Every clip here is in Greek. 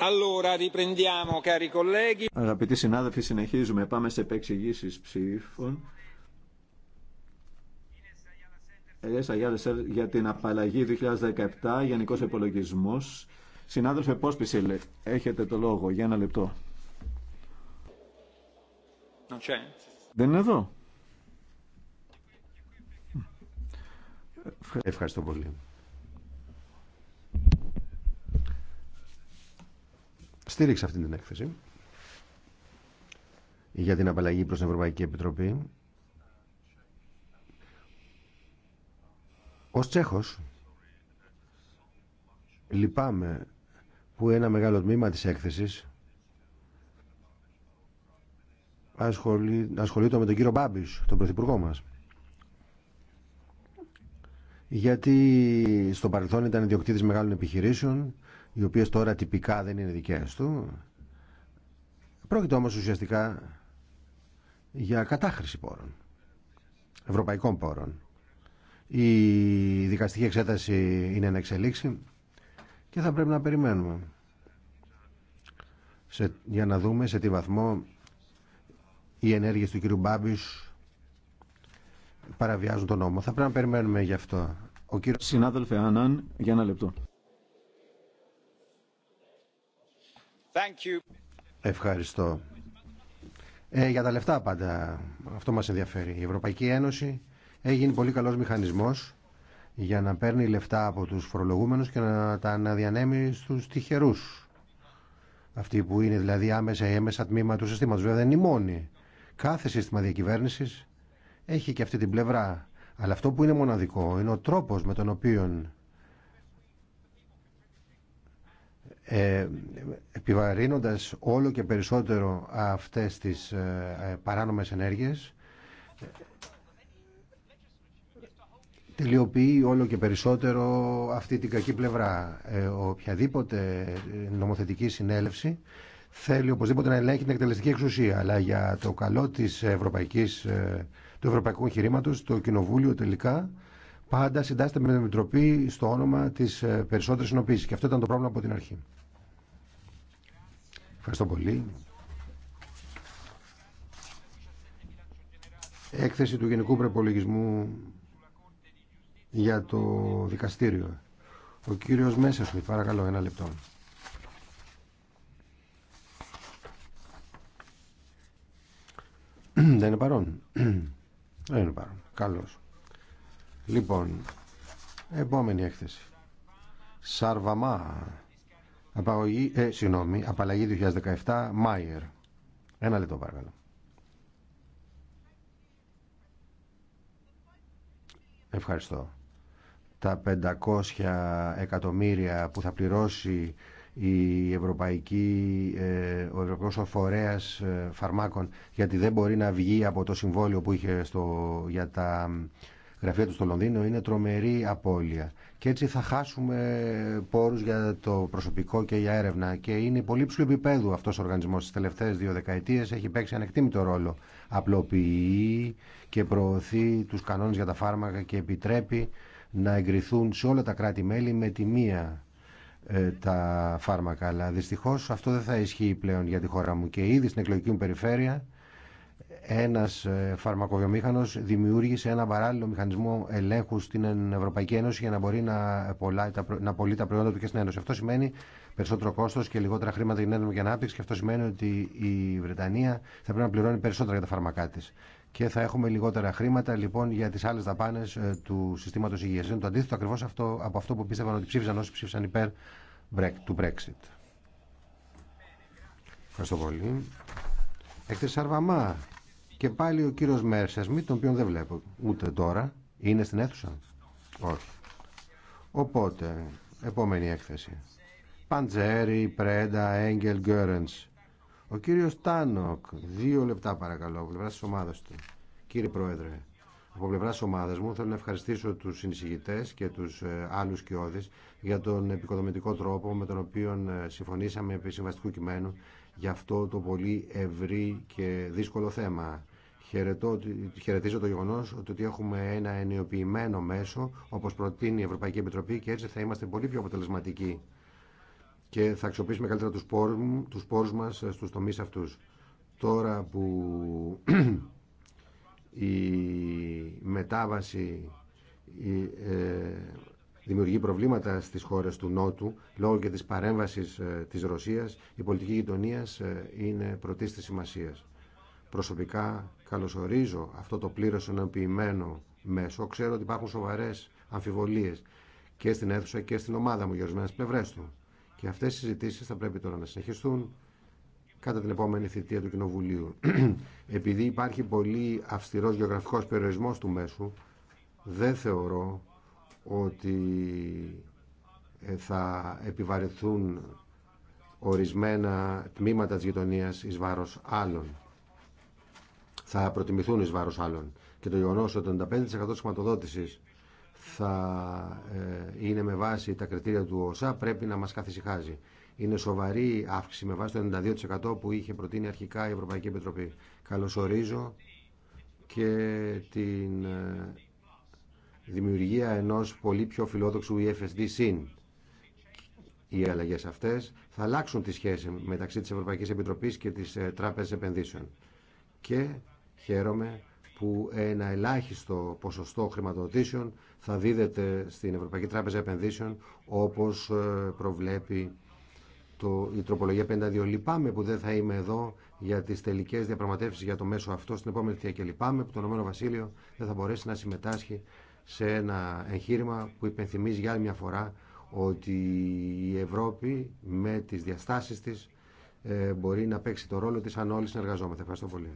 Allora, riprendiamo, cari colleghi. Αγαπητοί συνάδελφοι, συνεχίζουμε. Πάμε σε επεξηγήσει ψήφων. Ελέσσα για την απαλλαγή 2017, Γενικό υπολογισμό. Συνάδελφε πεισίλε, έχετε το λόγο για ένα λεπτό. Δεν είναι εδώ. Ευχαριστώ πολύ. στήριξε αυτή την έκθεση για την απαλλαγή προς την Ευρωπαϊκή Επιτροπή. Ως Τσέχος λυπάμαι που ένα μεγάλο τμήμα της έκθεσης ασχολεί, ασχολείται με τον κύριο Μπάμπης, τον Πρωθυπουργό μας. Γιατί στο παρελθόν ήταν ιδιοκτήτης μεγάλων επιχειρήσεων οι οποίε τώρα τυπικά δεν είναι δικέ του. Πρόκειται όμω ουσιαστικά για κατάχρηση πόρων, ευρωπαϊκών πόρων. Η δικαστική εξέταση είναι να εξελίξει και θα πρέπει να περιμένουμε σε, για να δούμε σε τι βαθμό οι ενέργειες του κ. Μπάμπης παραβιάζουν τον νόμο. Θα πρέπει να περιμένουμε γι' αυτό. Ο κύριος... Συνάδελφε Άναν, για ένα λεπτό. Ευχαριστώ. Ε, για τα λεφτά πάντα. Αυτό μας ενδιαφέρει. Η Ευρωπαϊκή Ένωση έγινε πολύ καλός μηχανισμός για να παίρνει λεφτά από τους φορολογούμενους και να τα αναδιανέμει στους τυχερούς. Αυτοί που είναι δηλαδή άμεσα ή έμεσα τμήμα του συστήματος. Βέβαια δεν είναι η μόνη. Κάθε σύστημα διακυβέρνησης έχει και αυτή την πλευρά. Αλλά αυτό που είναι μοναδικό είναι ο τρόπος με τον οποίο ε, επιβαρύνοντας όλο και περισσότερο αυτές τις ε, ε, παράνομες ενέργειες τελειοποιεί όλο και περισσότερο αυτή την κακή πλευρά. Ε, οποιαδήποτε νομοθετική συνέλευση θέλει οπωσδήποτε να ελέγχει την εκτελεστική εξουσία. Αλλά για το καλό της ευρωπαϊκής, ε, του ευρωπαϊκού εγχειρήματο, το Κοινοβούλιο τελικά πάντα συντάσσεται με την Επιτροπή στο όνομα της περισσότερης συνοποίησης. Και αυτό ήταν το πρόβλημα από την αρχή. Ευχαριστώ πολύ. Έκθεση του Γενικού Προπολογισμού για το δικαστήριο. Ο κύριος μέσας παρακαλώ, ένα λεπτό. Δεν είναι παρόν. Δεν είναι παρόν. Καλώς. Λοιπόν, επόμενη έκθεση. Σαρβαμά. Απαγωγή, ε, συγγνώμη, απαλλαγή 2017, Μάιερ. Ένα λεπτό παρακαλώ. Ευχαριστώ. Τα 500 εκατομμύρια που θα πληρώσει η Ευρωπαϊκή, ε, ο Ευρωπαϊκός Φορέας ε, Φαρμάκων γιατί δεν μπορεί να βγει από το συμβόλιο που είχε στο, για τα γραφεία του στο Λονδίνο είναι τρομερή απώλεια. Και έτσι θα χάσουμε πόρου για το προσωπικό και για έρευνα. Και είναι πολύ ψηλού επίπεδου αυτός ο οργανισμό στι τελευταίε δύο δεκαετίες έχει παίξει ανεκτήμητο ρόλο. Απλοποιεί και προωθεί του κανόνε για τα φάρμακα και επιτρέπει να εγκριθούν σε όλα τα κράτη-μέλη με τη μία ε, τα φάρμακα. Αλλά δυστυχώ αυτό δεν θα ισχύει πλέον για τη χώρα μου. Και ήδη στην εκλογική μου περιφέρεια ένας ε, φαρμακοβιομήχανος δημιούργησε ένα παράλληλο μηχανισμό ελέγχου στην Ευρωπαϊκή Ένωση για να μπορεί να, πολλά, να πωλεί τα προϊόντα του και στην Ένωση. Αυτό σημαίνει περισσότερο κόστος και λιγότερα χρήματα για την και ανάπτυξη και αυτό σημαίνει ότι η Βρετανία θα πρέπει να πληρώνει περισσότερα για τα φαρμακά τη. Και θα έχουμε λιγότερα χρήματα λοιπόν για τι άλλε δαπάνε ε, του συστήματο υγεία. Είναι το αντίθετο ακριβώ αυτό, από αυτό που πίστευαν ότι ψήφισαν όσοι ψήφισαν υπέρ του Brexit. Ευχαριστώ πολύ. Σαρβαμά και πάλι ο κύριος μη τον οποίον δεν βλέπω ούτε τώρα, είναι στην αίθουσα. Όχι. Οπότε, επόμενη έκθεση. Παντζέρι, Πρέντα, Έγγελ, Γκέρενς. Ο κύριος Τάνοκ, δύο λεπτά παρακαλώ, από πλευρά της ομάδας του. Κύριε Πρόεδρε, από πλευρά τη ομάδα μου θέλω να ευχαριστήσω του συνεισηγητέ και του ε, άλλου κοιόδη για τον επικοδομητικό τρόπο με τον οποίο ε, συμφωνήσαμε επί συμβαστικού κειμένου για αυτό το πολύ ευρύ και δύσκολο θέμα. Χαιρετώ, χαιρετίζω το γεγονό ότι έχουμε ένα ενιοποιημένο μέσο, όπω προτείνει η Ευρωπαϊκή Επιτροπή, και έτσι θα είμαστε πολύ πιο αποτελεσματικοί και θα αξιοποιήσουμε καλύτερα του πόρου τους πόρους μα ε, στου τομεί αυτού. Τώρα που η μετάβαση η, ε, δημιουργεί προβλήματα στις χώρες του Νότου λόγω και της παρέμβασης ε, της Ρωσίας η πολιτική γειτονία είναι πρωτής της σημασίας. Προσωπικά Καλωσορίζω αυτό το πλήρως ενοποιημένο μέσο. Ξέρω ότι υπάρχουν σοβαρές αμφιβολίες και στην αίθουσα και στην ομάδα μου για ορισμένε πλευρέ του. Και αυτές οι συζητήσεις θα πρέπει τώρα να συνεχιστούν κατά την επόμενη θητεία του Κοινοβουλίου. Επειδή υπάρχει πολύ αυστηρός γεωγραφικός περιορισμός του μέσου, δεν θεωρώ ότι ε, θα επιβαρυνθούν ορισμένα τμήματα της γειτονίας εις βάρος άλλων θα προτιμηθούν εις βάρος άλλων. Και το γεγονό ότι το 95% τη χρηματοδότηση θα ε, είναι με βάση τα κριτήρια του ΟΣΑ πρέπει να μας καθησυχάζει. Είναι σοβαρή αύξηση με βάση το 92% που είχε προτείνει αρχικά η Ευρωπαϊκή Επιτροπή. Καλωσορίζω και την ε, δημιουργία ενός πολύ πιο φιλόδοξου σύν Οι αλλαγές αυτές θα αλλάξουν τη σχέση μεταξύ της Ευρωπαϊκής Επιτροπής και της ε, τράπεζα Επενδύσεων. Και Χαίρομαι που ένα ελάχιστο ποσοστό χρηματοδοτήσεων θα δίδεται στην Ευρωπαϊκή Τράπεζα Επενδύσεων όπως ε, προβλέπει το, η τροπολογία 52. Λυπάμαι που δεν θα είμαι εδώ για τι τελικέ διαπραγματεύσει για το μέσο αυτό στην επόμενη θεία και λυπάμαι που το Ηνωμένο Βασίλειο δεν θα μπορέσει να συμμετάσχει σε ένα εγχείρημα που υπενθυμίζει για άλλη μια φορά ότι η Ευρώπη με τις διαστάσεις της ε, μπορεί να παίξει το ρόλο της αν όλοι συνεργαζόμαστε. Ευχαριστώ πολύ.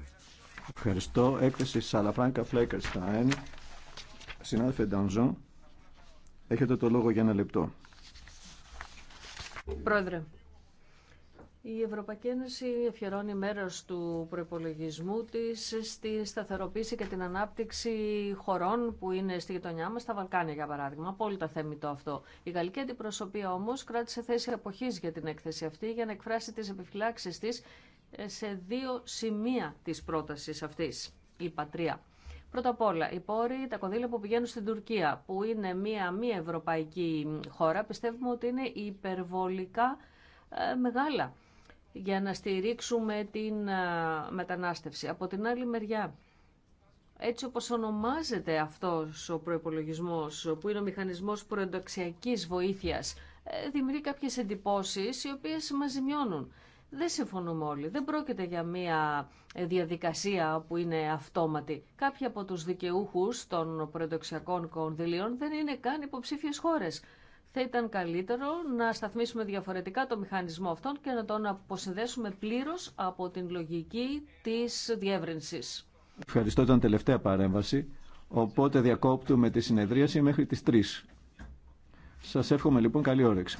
Ευχαριστώ. Έκθεση Σαλαφράνκα Φλέκερστάιν. Συνάδελφε Ντανζό, έχετε το λόγο για ένα λεπτό. Πρόεδρε, η Ευρωπαϊκή Ένωση αφιερώνει μέρος του προπολογισμού της στη σταθεροποίηση και την ανάπτυξη χωρών που είναι στη γειτονιά μας, στα Βαλκάνια για παράδειγμα. Απόλυτα θέμητο αυτό. Η γαλλική αντιπροσωπεία όμως κράτησε θέση αποχής για την έκθεση αυτή για να εκφράσει τις επιφυλάξεις της σε δύο σημεία της πρότασης αυτής, η πατρία. Πρώτα απ' όλα, οι πόροι, τα κονδύλια που πηγαίνουν στην Τουρκία, που είναι μία μη ευρωπαϊκή χώρα, πιστεύουμε ότι είναι υπερβολικά ε, μεγάλα για να στηρίξουμε την ε, μετανάστευση. Από την άλλη μεριά, έτσι όπως ονομάζεται αυτός ο προϋπολογισμός, που είναι ο μηχανισμός προενταξιακής βοήθειας, ε, δημιουργεί κάποιες εντυπώσεις οι οποίες μας ζημιώνουν δεν συμφωνούμε όλοι. Δεν πρόκειται για μια ε, διαδικασία που είναι αυτόματη. Κάποιοι από τους δικαιούχους των πρωτοξιακών κονδυλίων δεν είναι καν υποψήφιες χώρες. Θα ήταν καλύτερο να σταθμίσουμε διαφορετικά το μηχανισμό αυτόν και να τον αποσυνδέσουμε πλήρως από την λογική της διεύρυνσης. Ευχαριστώ, ήταν τελευταία παρέμβαση. Οπότε διακόπτουμε τη συνεδρίαση μέχρι τις 3. Σας εύχομαι λοιπόν καλή όρεξη.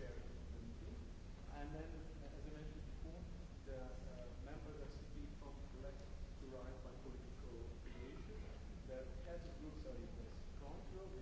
And then, as I mentioned before, the members that speak from left to right by political affiliation. The heads of groups are in the front row.